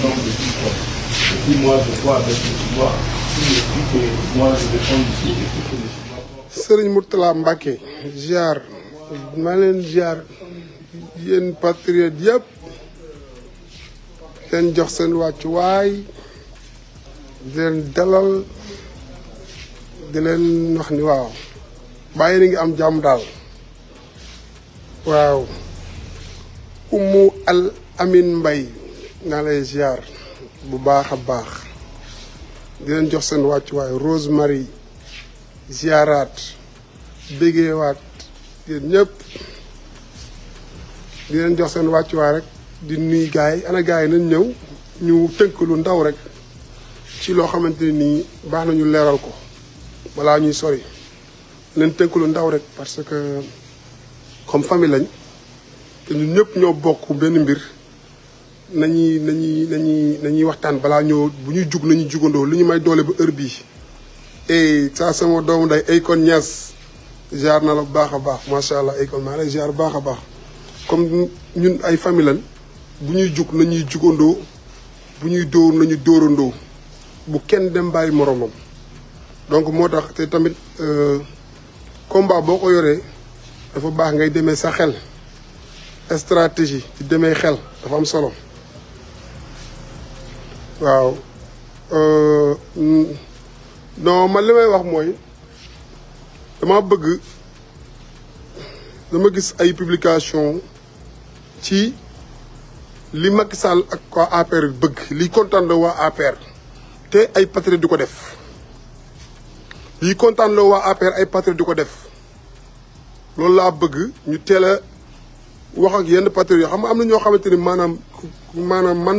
sëriñ de victoires. Et puis moi, je vois leen ziar yéen patriote yëpp leen jox seen wàccuwaay di leen dalal di leen wax ni waaw bàyyi na ngi am jàmm daal waaw umu al amin mbay naa lay ziar bu baax a baax di leen jox seen wàccuwaay Rose Marie ziaraat bégeewaat yéen ñëpp di leen jox seen wàccuwaay rek di nuy gars yi ana gars yi nañ ñëw ñu tënk lu ndaw rek ci loo xamante nii baax nañu leeral ko balaa ñuy soli nañ tënk lu ndaw rek parce que comme famille lañ te ñun ñëpp ñoo bokk benn mbir. nañuy nañuy nañuy nañuy waxtaan balaa ñëw bu ñuy jug nañu jugandoo lu ñu may doole ba heure bii e saa sama doomu day Akon Niass jaar na la bu baax a baax macha allah Akon maa lay jaar baax a baax comme ñun ay famille lan bu ñuy jug nañuy jugandoo bu ñuy dóor nañu dóorandoo bu kenn dem bàyyi moromam donc moo tax te tamit euh, combat boo ko yoree dafa baax ngay demee sa xel stratégie di demee xel dafa am solo waaw euh, mm, non man li may wax mooy dama bëgg dama gis ay publication ci li Macky Sall ak waa APR bëgg li kontaan la waa APR te ay patriote du ko def li kontaan la waa APR ay patriote du ko def loolu laa bëgg ñu teel a wax ak yenn patriote yoo xam nga am na ñoo xamante ni maanaam maanaam man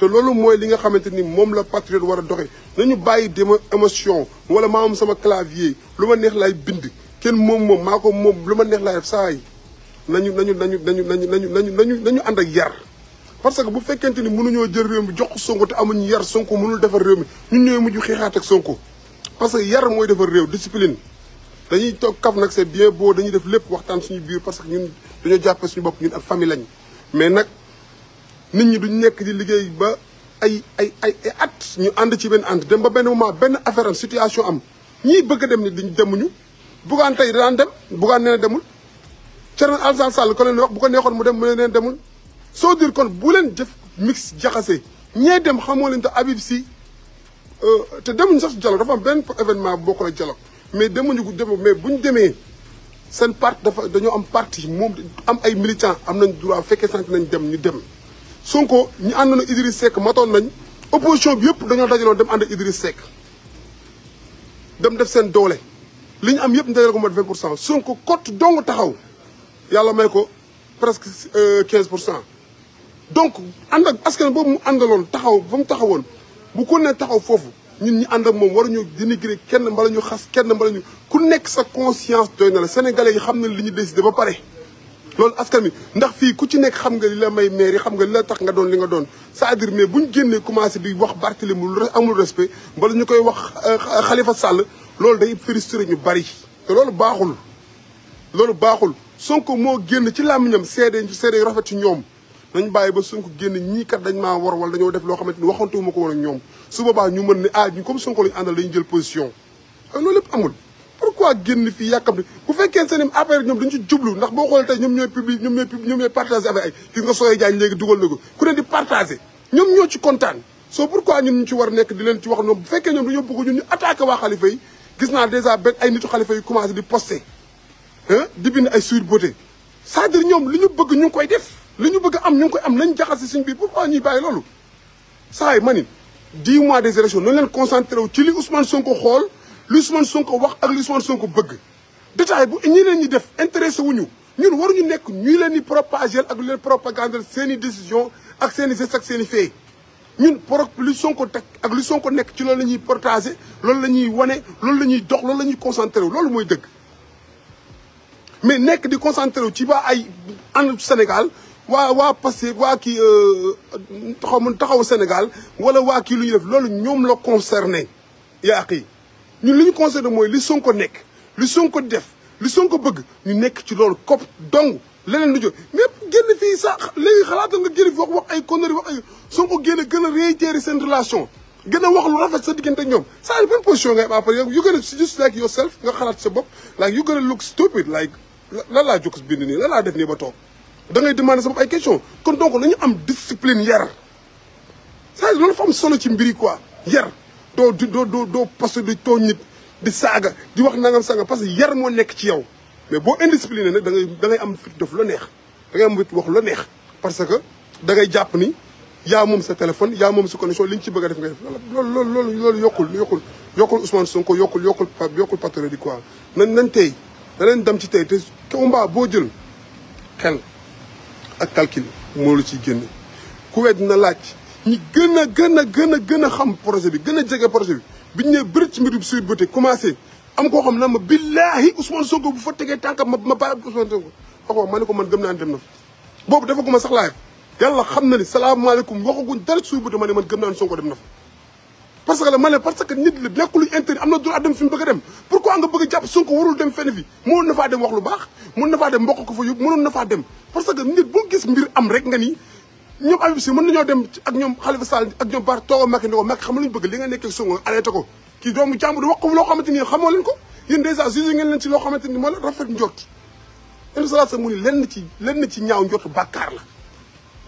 te loolu mooy li nga xamante ni moom la patriote war a doxe nañu bàyyi dema émotion wala maa moom sama clavier lu ma neex laay bind kenn moom moom maa ko moom lu ma neex laay def saa yi nañu nañu nañu nañu nañu nañu nañu nañu nañu ànd ak yar parce que bu fekkente ni mënuñoo jël réew mi jox ko Sonko te amuñu yar Sonko mënul defar réew mi ñun ñooy mujj xeexaat ak Sonko parce que yar mooy defar réew discipline dañuy toog kaf nag c'est bien beau dañuy def lépp waxtaan suñu biir parce que ñun dañoo jàppe suñu bopp ñun ak famille lañ mais nag nit ñi duñ nekk di liggéey ba ay ay ay at ñu and ci ben and dem ba ben moment ben affaire am situation am ñi bëgg dem ni diñ demuñu bugaan tay daan dem bu nee neena demul Thierno Alassane Sall ko leen wax bu ko neexon mu dem mu leen demul so dire kon bu leen def mix jaxase ñe dem xamoo leen te si euh te demuñu sax jalo dafa am ben événement bokku la me mais demuñu ko dem mais bu démé sen part dafa dañu am parti mom am ay militants am nañ droit fekkee sant nañ dem ñu dem Sonko ñu ànd ak Idriss Seck matoon nañ opposition bi yëpp dañoo dajaloon dem ànd ak Idriss dem def seen doole li ñu am yëpp ñu dajale ko mat 20 pour cent Sonko cote dong taxaw yàlla may ko presque euh, quinze pour cent. donc ànd ak askan boobu mu àndaloon taxaw ba mu taxawoon bu ko nee taxaw foofu ñun ñu ànd ak moom waruñu dénigrer kenn mbala ñu xas kenn mbala ñu ku nekk sa conscience doy na la sénégalais yi xam na li ñu décidé ba pare. loolu askan wi ndax fii ku ci nekk xam nga li la may mairie xam nga li la tax nga doon li nga doon c'est-à-dire mais bu ñu génnee commencé di wax Barthélémy lu amul respect mbala ñu koy wax euh, Khalifa Sall loolu day frustré ñu bari te loolu baaxul loolu baaxul Sonko moo génn ci làmmiñam seede seede yu rafet ci ñoom nañ bàyyi ba Sonko génn ñii kat dañ maa war wala dañoo def loo xamante ni waxantu ma ko woon ñoom su boobaa ñu mën ne ah ñu comme Sonko lañu àndal dañu jël position loolu lépp amul pourquoi génn fii yàkkamti bu fekkee seen i affaire ñoom dañu ci jublu ndax boo xoolee tey ñoom ñooy publi ñoom ñooy ñoom ñooy partagé affaire ay gis nga sooy jaañ léegi dugal na ko ku ne di partagé ñoom ñoo ci kontaan soo pourquoi ñun ñu ci war nekk di leen ci wax ñoom bu fekkee ñoom dañoo bëgg ñun ñu attaqué xalifa yi gis naa dèjà benn ay nitu xalifa yi commencé di ñoom li ñu bëgg ñu ngi koy def li ñu bëgg am ñu ngi koy am nañ jaxase suñ biir pourquoi ñuy bàyyi loolu saa yi ma ni dix mois des élections nañ leen concentré wu ci li Ousmane Sonko xool li Sonko wax ak li Sonko bëgg détail bu ñi leen ñi def intéressé wuñu ñun waru ñu nekk ñuy leen di propager ak leen propagande seen i décision ak seen gestes ak seen fait ñun pro li Sonko tek ak li Sonko nekk ci loolu lañuy ñuy partager loolu lañuy ñuy loolu lañuy dox loolu lañuy ñuy concentré loolu moy dëgg mais nekk di concentré wu ci ba ay ànd Sénégal wa wa passé wa ki euh taxaw taxaw Sénégal wala wa ki lu ñu def loolu ñoom la concerné yaa yi ñun li ñu conseillé mooy li Sonko nekk li Sonko def li ko bëgg ñu nekk ci loolu kopp dong leneen lu jóg mais génn fii sax léegi xalaatal nga génn fi wax wax ay conneries wax ay Sonko génn gën a réitérer seen relation gën a wax lu rafet sa diggante ak saa ça c'est bonne position nga am après you gën just like yourself nga xalaat sa bopp like you gën a look stupid like lan laa jóg bind nii lan laa def nii ba toog da ngay demander sa bopp ay question kon donc nañu am discipline yar ça loolu fa solo ci mbiri quoi yar doo doo doo doo poste di tooñ nit di saaga di wax nangam sanga parce que yar moo nekk ci yow mais boo indiscipliné nag da dangay da ngay am fit def lu neex da ngay wax lu neex parce que da jàpp ni yaa moom sa téléphone yaa moom sa li ñu ci bëgg a def nga def loolu loolu loolu loolu yokkul yokkul yokkul Ousmane Sonko yokkul yokkul yokkul patriote di quoi nan nan tey da leen dem ci tey te combat boo jël xel ak calcul moo lu ciy génn ku wet na laaj ñi gën a gën a gën gën a xam projet bi gën a jege projet bi biñu ne bërit ci mbirum Sweet Beauté commencé am koo xam na ma billaahi Ousmane Sonko bu fa tegee tànkam ma ma bàyyi Ousmane Sonko waaw ma ne ko man gëm naa dem na fa boobu dafa ma sax xam na ni salaamaaleykum waxaguñ dara Sweet Beauté ma ne man gëm naa Sonko dem na fa parce que la ma ne parce que nit la nekkul intérêt am na droit dem fi mu bëgg a dem pourquoi nga bëgg a jàpp Sonko warul dem fenn fi mënoon na dem wax lu baax mën na faa dem mbokk ko fa yóbbu mënoon na faa dem parce que nit bu gis mbir am rek nga ni ñom Habib ci mën nañoo dem ak ñom Khalifa Sall ak ñom Ba tooga Macky ni ko xam lu bëgg li nga nekkee Sonko arrêté ko kii doomu jàmbur du waxu lo xamanteni xamoo leen ko yeen déjà jugé ngeen leen ci lo xamanteni mo la rafet njott indi sala sa mu ni lenn ci lenn ci ñaaw njott bakkar la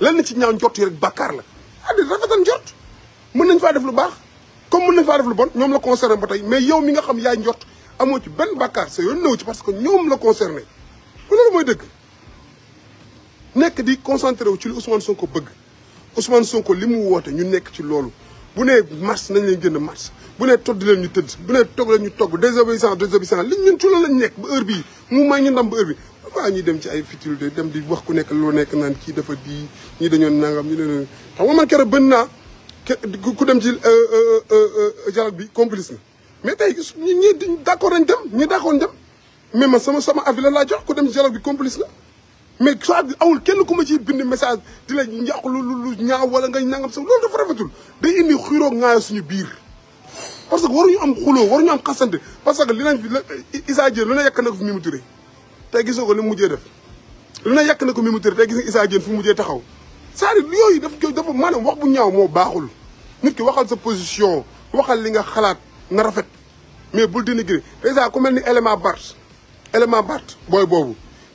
lenn ci ñaaw njott rek bakkar la ah di rafetal njott mën nañ fa def lu baax comme mën nañ fa def lu bon ñom la concerné ba tay mais yow mi nga xam yaay njott amoo ci ben bakkar sa yoon néew ci parce que ñom la concerné loolu moy deug nekk di concentré wu ci li Ousmane ko bëgg Ousmane Sonko li mu woote ñu nekk ci loolu bu nee mars nañ gën génn mars bu nee todd leen ñu tëdd bu nee togg leen ñu togg désobéissance désobéissance liñ ñun ci loolu lañ nekk ba heure bii mu may ñu ndam ba heure bi dem di wax ku nekk loo nekk naan kii dafa di ñi dañoo nangam ñu ne xam nga man keroog bën naa ku dem ci euh, euh, euh, dialogue bi complice na mais tey ñi d' accord nañ dem ñi d' accord dem mais man sama sama avis la laa jox ku dem ci bi complice la mais soit awul kenn ku ma ciy bind message di la njaq lu lu ñaaw wala nga nangam sax loolu dafa rafetul day indi xiiroo ngaayo suñu biir parce que ñu am xuloo waruñu am xasante parce que li nañ fi Issa Diène lu ne yekk nag ko fi mu Touré tey gisoo ko li mu mujjee def lu ne yekk na ko Mimi Touré tey gis nga Issa Diène fi mu mujjee taxaw c'est-à-dire yooyu daf ko dafa maanaam wax bu ñaaw moo baaxul nit ki waxal sa position waxal li nga xalaat na rafet mais bul dénigrer dèjà ku mel ni élément Bart élément Bart booy boobu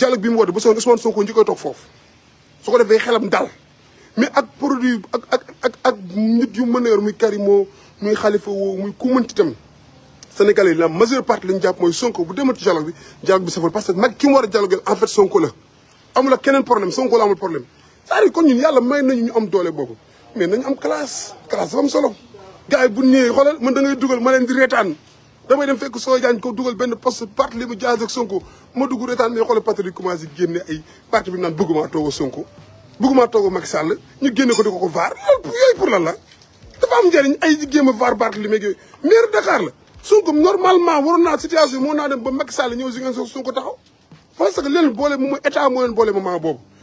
dialogue bi mu woote ba soon Ousmane Sonko njëkkee toog foofu su ko defee xelam dal mais ak produit ak ak ak ak nit yu mën a yor muy Karimo muy Khalifa woo muy ku mënti tam Sénégalais yi la majeure partie lañu jàpp mooy Sonko bu demal ci dialogue bi dialogue bi safal parce que nag ki mu war a dialogue en fait Sonko la amul ak keneen problème Sonko la amul problème cest à kon ñun yàlla may nañu ñu am doole boobu mais nañu am classe classe dafa am solo gars yi bu ñëwee xoolal man da ngay dugal ma leen di reetaan damay dem fekk soo jaañ ko dugal benn poste parti li mu jaas ak Sonko ma dugg retaan mais génne ko di ko ko vaar loolu la dafa ay jéem a vaar Barthélémy meeg yooyu maire Dakar naa situation ba Macky Sall ñëw si ngeen soog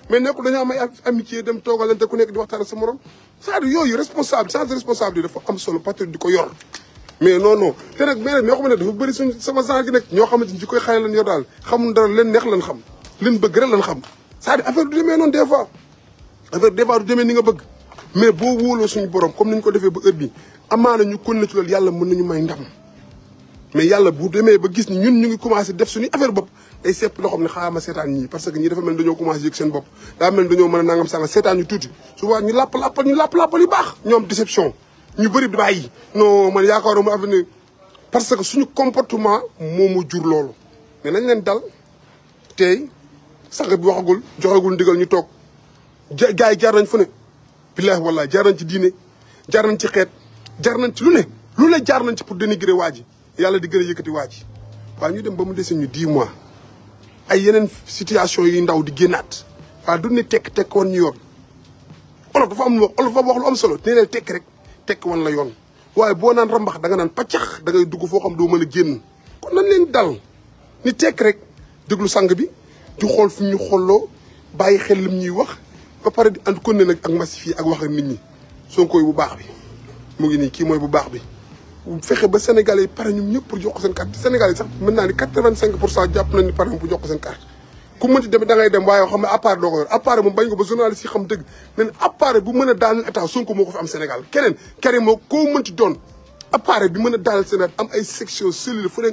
mais nekkul dañoo am ay amitié ku nekk di waxtaan ak sa morom c'est-à-dire yooyu responsable am solo patriote di ko yor mais non non te nag mais ne dafa bëri suñ sama genre gi nag ñoo xamante ni ci koy xale lan yor daal xamul dara leen neex lan xam leen boo wóoloo suñu comme niñ ko defee ba heure bi amaana ñu kon na ci loolu yàlla mën nañu may ndam mais yàlla demee ba gis ni ñu ngi commencé def suñu affaire bopp day sepp loo xam ne xaaral ma seetaan ñii dañoo commencé yëg seen bopp daa mel dañoo mën a nangam sànga seetaan ñu tuuti souvent ñu làpp làppal ñu làpp làppal yu baax ñoom déception ñu bëri di bàyyi non man yaakaaruma avenir parce que suñu comportement moo mu jur loolu mais nañ leen dal tey sax bi waxagul joxagul ndigal ñu toog ja gars yi jaar nañ fu ne billahi wallahi jaar ci diine jaar ci xeet jaar nañ ci lu ne lu ne jaar nañ ci pour dénigrer waa ji yàlla di gën a yëkkati waa ji waaye ñu dem ba mu dese ñu di mois ay yeneen situation yi ndaw di génnaat waaye du ni tekk tekk woon ñu yoon olof dafa am lu olof dafa lu am solo nee leen tekk rek tekk wan la yoon waaye boo naan rambax da nga naan paccax dangay dugg foo xam doo mën a génn kon nan leen dal ni tekk rek déglu sang bi di xool fu ñu xolloo bàyyi xel lim ñuy wax ba pare di ànd kon ne nag ak massifier ak wax ak nit ñi Sonko bu baax bi mu ngi nii kii mooy bu baax bi fexe ba sénégalais yi pare ñoom ñëpp pour jox seen carte sénégalais sax mën naa ni quatre-vingt-cinq pour cent jàpp nañ ni pare bu jox seen carte ku mënti dem da dem waaye yoo ne appareil doo ko yor appareil moom bañ ko ba journaliste yi xam dëgg nen appareil a bi mën a daal Sénégal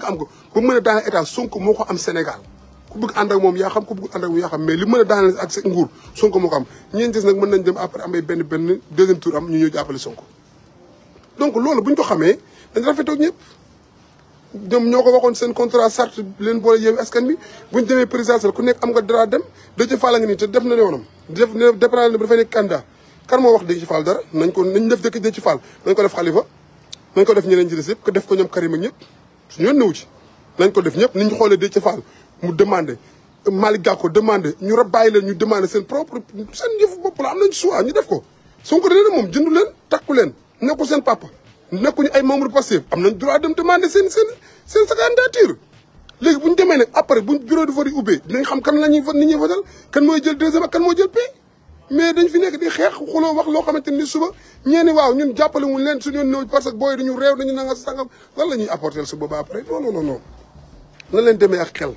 am ko ba mën a daal état Sonko moo ko am Sénégal ku bëgg ànd ak moom yaa xam ku bëgg ànd ak moom yaa xam mais li mën a daaneel ak sa nguur Sonko moo ko am ñeen des nag mën nañ dem après am ay benn benn deuxième tour am ñu ñëw jàppale Sonko donc loolu bu ñu ko xamee dañ rafetoo ñëpp ñoom ñoo ko waxoon seen contrat sart leen boole Yewwi Askan bi bu ñu demee présidentielle ku nekk am nga dara dem Déthié Fall a ngi nii te def na yoonam def na dépendant ne bu dafay nekk candidat kan nañ ko nañ def dëkk Déthié Fall nañ ko def Khalifa nañ ko def ñeneen ci des yëpp def ko ñoom Karim ak ñëpp suñu yoon newu ci nañ ko def ñëpp ni ñu xoolee Déthié Fall mu demandé Malick ko demande ñu rab bàyyi leen ñu demande seen propre seen yëfu bopp la am nañ choix ñu def ko Sonko dana moom jëndu leen takku leen nekkul seen papa nekkuñu ay membre passif am nañ droit dem demander sen sen sen candidature légui buñ démé nak après buñ bureau de vote ubé dinañ xam kan lañuy vote nit ñuy votal kan moy jël deuxième kan moy jël pi mais dañ fi nek di xex xulo wax lo xamanteni suba ñeene waaw ñun jappalé wuñ len suñu néew parce que boy dañu réew dañu nanga sangam lan lañuy apporter su booba après non non non na len démé ak xel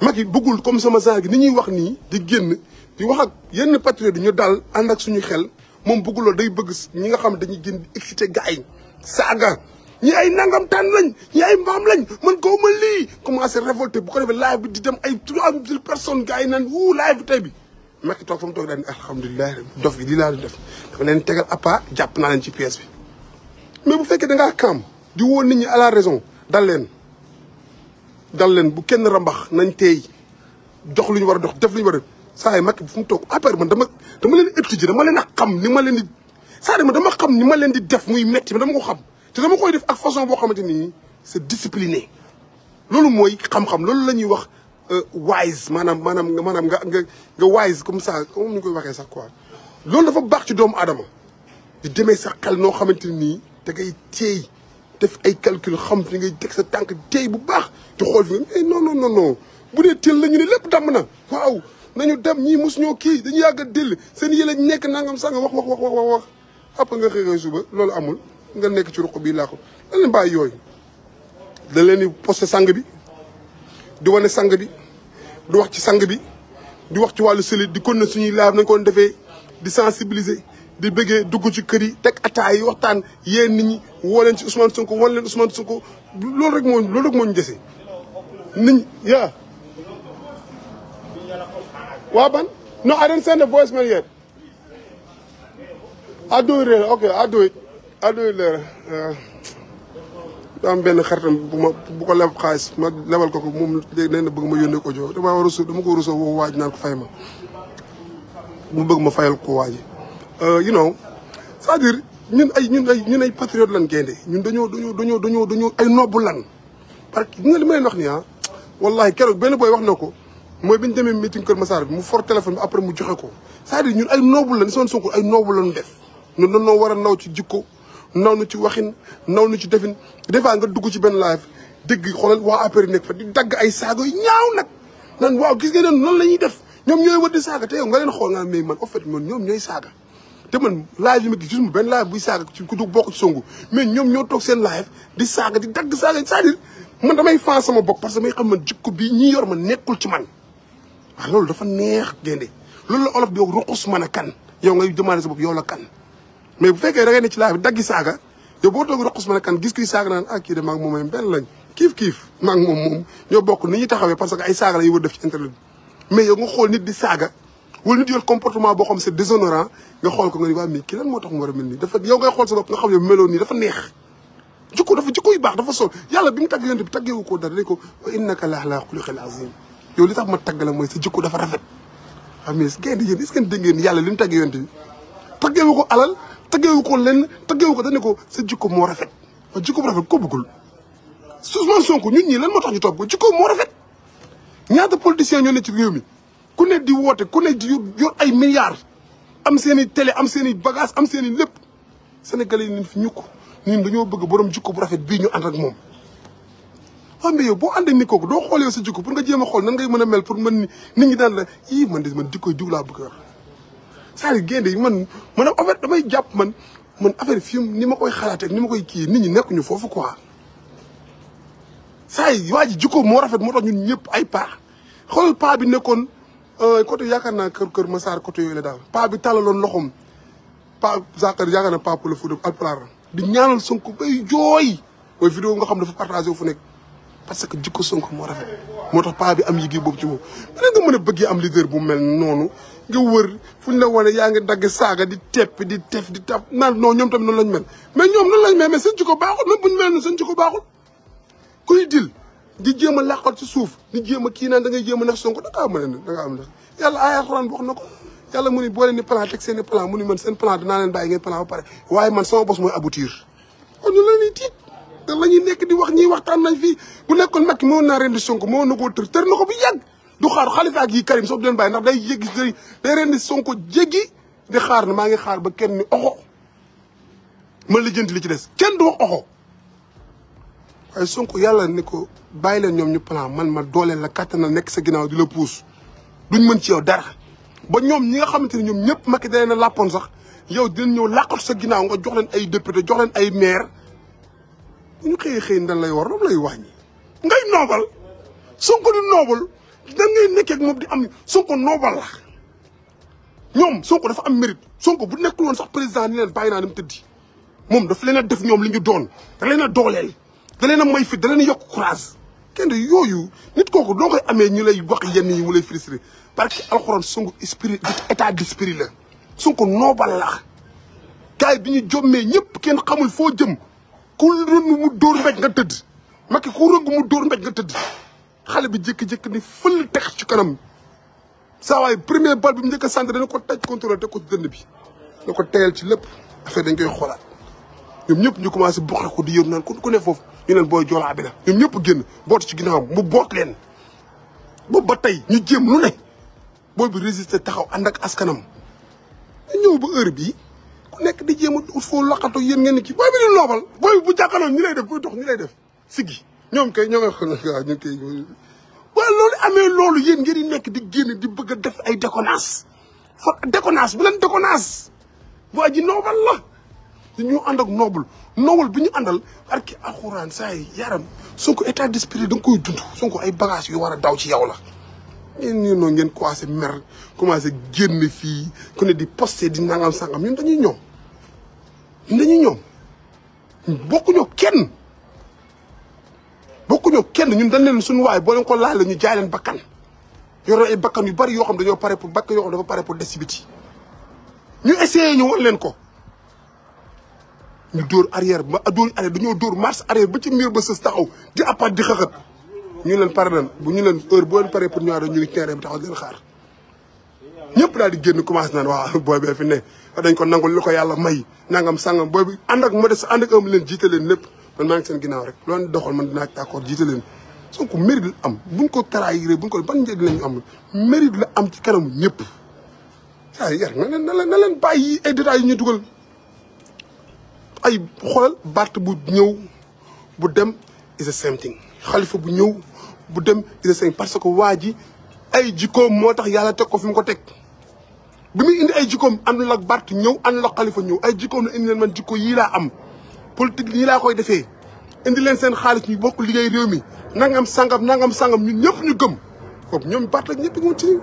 maki bëggul comme sama saa gi ni ñuy wax ni di génn di wax ak yenn patriote ñu dal and ak suñu xel moom bëggul day bëgg ñi nga xam dañuy gën excité gars yi saaga ñi ay nangam taan lañ ñi ay mbaam lañ man koo ma lii commencé révolté bu ko defee live bi di dem ay trois mille personnes gars yi naan wuu live bu tey bi Macky toog fa mu toog daal di alhamdulilah dof gi lii laa doon def dafa leen tegal appa jàpp naa leen ci pièce bi mais bu fekkee da ngaa kaam di woon nit ñi à la dal leen dal leen bu kenn rambax nañ teey jox lu ñu war dox def lu ñu war C'est ma Macky de mu étudier dama leen C'est ni ma ça. di saa dama xam ni ma de di def muy metti dama ko xam te dama koy def c'est façon c'est discipliné. C'est mooy xam-xam wax euh, wise manam. C'est maanaam nga nga wise comme ça comme ni koy waxee sax quoi loolu dafa baax ci doomu aadama di demee sa xel def ay calcul xam fi ngay sa bu fi non non non non nañu dem ñii mos ñoo kii dañu yàgg a dill seen yi nekk nangam sanga wax wax wax wax wax wax nga xëy suba loolu amul nga nekk ci ruq bii laa ko dañ leen bàyyi yooyu da leen di poste sang bi di wane sang bi di wax ci sang bi di wax ci wàllu seli di kon na suñuy laaj nañ ko defee di sensibiliser di bëggee dugg ci kër yi teg ataay yi waxtaan yéen nit ñi woo leen ci Ousmane Sonko wan leen Ousmane Sonko loolu rek moo loolu rek moo ñu dese nit ñi yaa waa ban No, I didn't send the voicemail yet. I'll do it later. Okay, I'll do it. I'll uh, benn xaritam bu ma bu ko leb xaalis ma lebal ko ko moom léegi nee na bëgg ma yónnee ko joo damaa war a su dama ko war a soo woo waaj naan ko fay ma mu bëgg ma fayal ko waaji uh, you know c'est-à-dire ñun ay ñun ay ñun ay patriote lan gaynde ñun dañoo dañoo dañoo dañoo dañoo ay nobbu lan parce que li ma leen wax nii ah wallahi keroog benn booy wax na ko mooy bi demee meeting Kër Massar bi mu for téléphone bi après mu joxe ko c'est-à-dire ñun ay noobu lañ Ousmane Sonko ay noobu lañ def ñun war a naw ci jikko naw nu ci waxin naw nu ci defin des fois nga dugg ci benn live dégg xoolal waa APR nekk fa di ay saago yu ñaaw nag naan waaw gis ngeen noonu la ñuy def ñoom ñooy wër di saaga te nga leen xool nga mais man en fait man ñoom ñooy saaga te benn live buy saaga ci ku bokk ci mais ñoom ñoo seen live di saaga di dagg saaga c'est-à-dire man damay fan sama bopp parce que may xam man jikko bi ñi yor ma nekkul ci man waaw ah, loolu dafa neex génde loolu la olof di yow ruqus mën a kan yow ngay demandé sa bopp yow la kan mais bu fekkee da ne ci laaj bi daggi saaga yow gis kuy saaga naan ah kii de taxawee parce que ay saaga la yu war def ci internet bi mais yow nga xool nit di saaga wala nit yor boo xam c'est déshonorant nga xool ko nga ni waa mii kii lan a mel nii dafa yow ngay xool sa nii dafa neex jikko dafa jikko yu baax dafa sol yàlla bi mu tàgg yonent ko dara dañ ko innaka la ala xuluqil azim yow li tax ma tagg la mooy sa jikko dafa rafet xam nga gaynde yéen est-ce que dégg ngeen yàlla li mu tagg yonent bi taggeewu ko alal taggeewu ko lenn taggeewu ko dañu ko sa jikko moo rafet waaw jikko bu rafet ko bëggul Ousmane Sonko ñun ñii lan moo tax ñu topp ko jikko moo rafet ñaata politiciens ñoo ne ci réew mi ku ne di woote ku ne di yor ay milliards am seen i télé am seen i bagage am seen i lépp sénégalais yi ñu fi ñukk ñun dañoo bëgg borom jikko bu rafet bii ñu ànd ak moom waaw mais yow boo ànd ak kooku doo xool yow sa jikko pour nga jéem a xool nan ngay mën a mel pour mën nit ñi daan la ii man de man jikkoy diw laa bëgg yor c'est-à-dire yi man man affaire damay jàpp man man affaire fii ni ma koy xalaatee ni ma koy kii nit ñi nekkuñu foofu quoi saa yi waa ji jikko moo rafet moo ñun ñëpp ay paa xool paa bi nekkoon euh, côté yaakaar naa kër kër Massar côté yooyu la daal paa bi tàllaloon loxoom paa Zakar yaakaar naa paa Poul Fouta di ñaanal Sonko bay jooy mooy vidéo nga xam dafa partagé wu fu nekk parce que jikko Sonko moo rafet moo tax paa am yigi boobu ci moom dana nga mën a am leader bu mel noonu nga wër fu ñu la wane yaa ngi dagg saaga di tepp di tef di taf naan non ñoom tamit noonu lañ mel mais ñoom noonu lañ mel mais seen jikko baaxul même bu ñu mel noonu seen jikko baaxul kuy dil suuf di jéem a kii naan da ngay jéem a nax Sonko am nax yàlla ay boo leen ni plan teg seen i plan mu ni man seen plan dinaa leen bàyyi ngeen plan ba pare waaye man sama bos mooy aboutir kon ñu leen tiit te la ñuy nekk di wax ñiy waxtaan nañ fii bu nekkoon Macky moo naa rendi Sonko moo na koo tër tër na ko bu yàgg du xaar Khalifa ak yi Karim soo doon bàyyi ndax day Sonko jéggi di xaar na maa ngi xaar ba kenn ni oxo ma lijjanti li ci des kenn du wax yàlla ne ko bàyyi leen ñoom ñu plan man ma dooleel la kattanal nekk sa ginnaaw di la puus duñ mën ci yow dara ba ñoom ñi nga xamante ne ñoom ñëpp Macky da leen a làppoon sax yow dinañ ñëw làqatu sa ginnaaw nga joxleen ay député jox leen ay maire bu ñu xëyee xëy ndel lay war loolu lay wàññi ngay noobal Sonko di noobal da ngay nekkee ak moom di am Sonko noobal la ñoom Sonko dafa am mérite Sonko bu nekkul woon sax président ni leen bàyyi naa ni mu tëddi moom daf leen a def ñoom li ñu doon da a dooleel da leen a may fit da a yokk courage kenn yooyu nit kooku doo koy amee ñu lay wax yenn yi mu lay frustré parce que alxuraan Sonko esprit état d'esprit la Sonko noobal la gars yi bi ñu jommee ñëpp kenn xamul foo jëm ku rëng mu dóor mbéj nga tëdd Macky ku rëng mu dóor mbéj nga tëdd xale bi jékki-jékki ni fël tex ci kanam saa waay premier bal bi mu njëkk a dana ko taj contrôlé te ko dënd bi na ko teyal ci lépp affaire dañ koy xoolaat ñoom ñëpp ñu commencé boxe ko di yëru naan ku ne foofu ñu leen booy joolaa bi ñoom ñëpp génn bootu ci ginnaawam mu boot leen boobu ba tey ñu jéem lu ne booy bi résister taxaw ànd ak askanam ñëw ba heure bii ku nekk di jéem a ut foo laqatu yéen ngeen ni kii booy bi di noobal booy bu jàkkaarloo ñi lay def kuy dox ñi lay def siggi ñoom kay ñoo ngi xool ñu koy waaw loolu amee loolu yéen ngeen nekk di génn di bëgg a def ay déconnance fa déconnance bu leen déconnance waa ji noobal la ñu ànd ak noobul noobul bi ñu àndal barki alxuraan saa yi yaram Sonko état d'esprit da nga koy dund Sonko ay bagage yu war a daw ci yow la yéen ñu noonu ngeen commencé mer commencé génn fii ku ne di posté di nangam sangam ñun dañuy ñoom ñun dañuy ñoom bokkuñoo kenn bokkuñoo kenn ñun dañ leen suñu waay boo leen ko laal la ñu jaay leen bakkan yore ay bakkan yu bari yoo xam dañoo pare pour bakk yoo xam dafa pare pour des ci biti ñu essayé ñu won leen ko ñu dóor arrière ba dóor arrière dañoo dóor marche arrière ba ci mur ba sës taxaw di appaat di xëxët ñu leen pare nañ bu ñu leen heure boo leen paree pour ñu àndoon ñu ngi terrain bi taxaw leen xaar ñëpp daal di génn commencé naan waaw booy bee fi ne dañ ko nangul li ko yàlla may nangam sangam booy bi ànd ak modeste ànd ak am leen jiite leen lépp man maa ngi seen ginnaaw rek loolu doxal man dinaa d'accord jiite leen Sonko mérite la am buñ ko trahiré buñ ko ban njëg lañu am mérite la am ci kanamu ñëpp saa yar na leen na leen leen bàyyi ay détails yu ñu dugal ay xoolal Barth bu ñëw bu dem is the same thing bu ñëw bu dem Idrissa Seck parce que waa ji ay jikkoom moo tax yàlla teg ko fi mu ko teg bi muy indi ay jikkoom àndul ak Bart ñëw àndul ak Khalifa ñëw ay jikkoom la indi leen man jikko yii laa am politique yii laa koy defee indi leen seen xaalis ñu bokk liggéey réew mi nangam sangam nangam sangam ñun ñëpp ñu gëm kooku ñoom Bart ak ñëpp ñu ci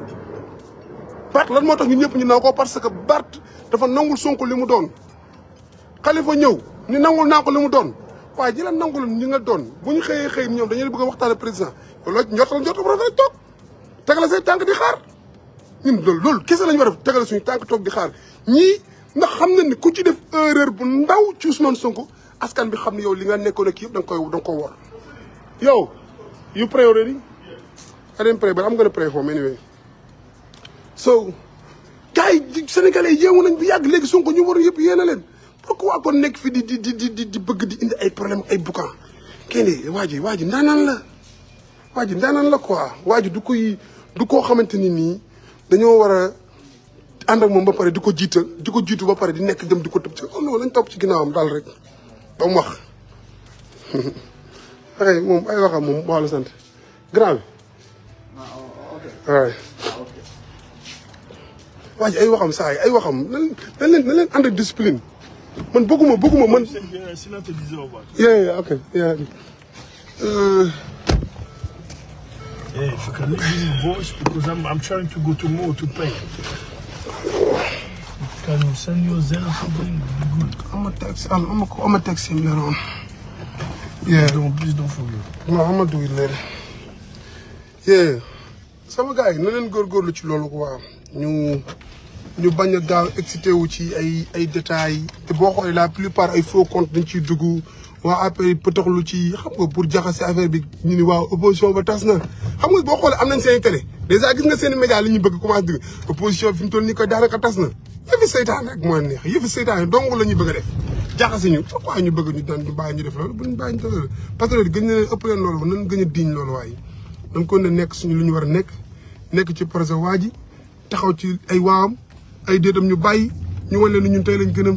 Bart lan moo tax ñun ñëpp ñu naw ko parce que Bart dafa nangul Sonko li mu doon Khalifa ñëw ñu nangul naa ko li mu doon waaye ji la nangul ñi nga doon bu ñu xëyee xëy ñoom dañu bëgg a waxtaan président loolu njortal njortal bu rafet toog tegale say tànk di xaar ñun loolu loolu kese lañu war a tegale suñu tànk toog di xaar ñii ndax xam na ni ku ci def erreur bu ndaw ci Ousmane Sonko askan bi xam ne yow li nga nekkoon ak yëpp da nga koy da nga ko wor yow you pray already I didn't pray but I'm gonna pray for him anyway so gars yi sénégalais yeewu nañ bu yàgg léegi Sonko ñu war yëpp yéena leen pourquoi kon nekk fi di di di di di bëgg di indi ay problème ay boucan kenn waa ji waa ji ndaanaan la waa ji ndaanaan la ko waa ji du koy du koo xamante ni nii dañoo war a ànd moom ba pare di ko jiital di ko jiitu ba pare di nekk dem di ko tëb ci oh non lañ ci ginnaawam daal rek ba wax. ay ay waxam moom maa sant grand ah, ay waxam saa yi ay waxam na leen na leen ànd ak discipline man bëgguma bëgguma man. ok. Euh, Yeah, if you can leave this voice because I'm, I'm trying to go to more to pay. Can you send your a Zen or something? Good. I'm gonna text. I'm, I'm, gonna, I'm gonna text him later on. Yeah. Don't please don't forget. No, I'm gonna do it later. Yeah. Sama guy, nanen gorgorlu go to quoi. Ñu ñu bañ a gaaw excité wu ci ay ay détails te boo xoolee la plupart ay faux compte dañ ciy dugg waa après pëtaxlu ci xam nga pour jaxase affaire bi ñu ni waaw opposition ba tas na xam nga boo xoolee am nañ seen intérêt dèjà gis nga seen média li ñu bëgg commencé dugg opposition fi mu toll nii ko daanaka tas na yëfi seytaan rek mooy neex yëfi seytaan dong la ñu bëgg a def jaxase ñu pourquoi ñu bëgg ñu daan ñu bàyyi ñu def loolu bu ñu bàyyi ñu def loolu parce que gën na leen loolu nan gën a diñ loolu waaye nan ko ne nekk suñu lu ñu war a nekk nekk ci projet waa ji taxaw ci ay waawam ay déetam ñu bàyyi ñu wan leen ni ñun tey lañ gën a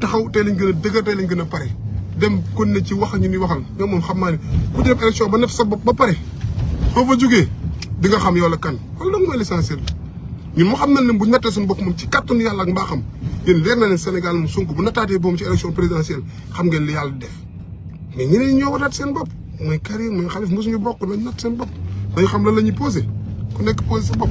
taxaw tey lañ gën a dëgër tey lañ gën a pare dem kon ne ci wax ñu ni waxal ñoom moom xam naa ne ku dem élection ba natt sa bopp ba pare soo fa jógee di nga xam yow kan wala danga mooy l'essentiel ñun moo xam nañ bu nattee suñu bopp moom ci kàttanu ak mbaaxam leer na leen Sénégal moom Sonko bu nattaatee boobu ci élection présidentielle xam ngeen li yàlla def mais ñeneen ñoo war natt seen bopp mooy Karim mooy Khalifa mosuñu bokk nañ natt seen bopp dañ xam lan la ñuy posé ku nekk pose sa bopp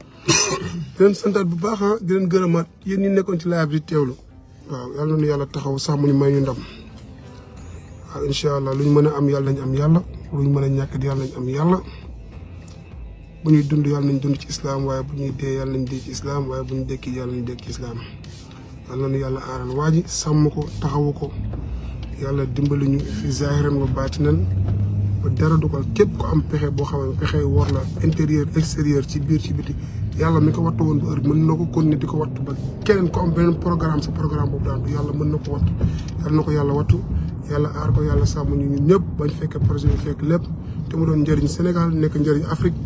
di leen santaat bu baax ah di leen nekkoon ci live waaw yàlla na yàlla taxaw sàmm ñu may ñu ndam waaw incha allah lu ñu a am yàlla nañ am yàlla lu ñu a am ci islam waaye bu ñuy dee yàlla ci islam waaye bu dekki yàlla nañ ci islam yàlla na yàlla aaral waa ji ko taxawu ko yàlla dimbali ñu fi zaahiran wa baatinan ba dara du ko képp ko am pexe boo xam pexe war na intérieur extérieur ci biir ci biti yàlla mi ko wattu woon bu heure mën na ko continuer di ko wattu ba keneen ko am beneen programme sa programme boobu daan du yàlla mën na ko wattu yàlla na ko yàlla wattu yàlla aar ko yàlla sàmm ñu ñëpp bañ fekkee projet bi lépp te mu doon Sénégal nekk njëriñ Afrique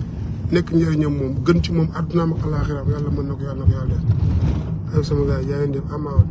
nekk njëriñam moom gën ci moom addunaam ak alaaxiraam yàlla mën na ko yàlla na ko yàlla def aywa sama gars yi def amaat